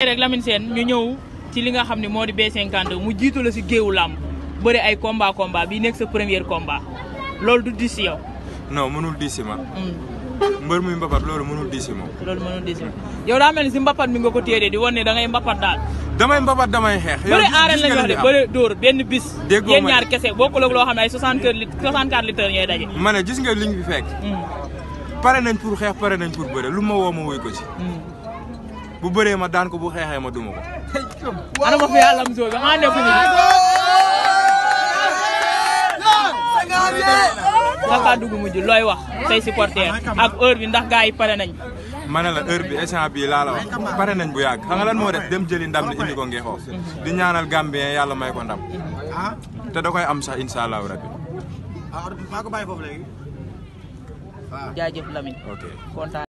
rek Lamine Sène ñu ñëw ci li nga xam ne moo di B52 mu jiitu la si géewu làmb bëri ay combat combat bi nekk sa premier combat loolu du diis si yow. non mënul diis si ma. Hmm. mbër muy mbapat loolu mënul diis si loolu mënul diis si daa mel ni si mbapat mi nga ko téye di won ne da ngay mbapat daal. damay mbapat damay xeex. yow gis gis nga dóor benn bis. déggoo yéen ñaar kese bokkul ak loo xam ne ay 64 litres 64 litres ñooy daje. ma ne gis nga liñ fi fekk. Hmm. pare nañ pour xeex pare nañ pour bëre lu ma woo ma wuy ko ci. Hmm. bu bëree ma daan ko bu xeexee ma duma ko. ana ma fi yàlla am soo damaa nekk nii. sa kàddu gu mujj looy wax say supporter ak heure bi yi pare nañ. ma ne la heure bi échange bi laa la pare nañ bu yàgg xam nga lan moo def dem jëli ndam li indi ko Ngexo di ñaanal Gambien yàlla may ko ndam ah? te da koy am sax incha allahu rabbi. Ah, maa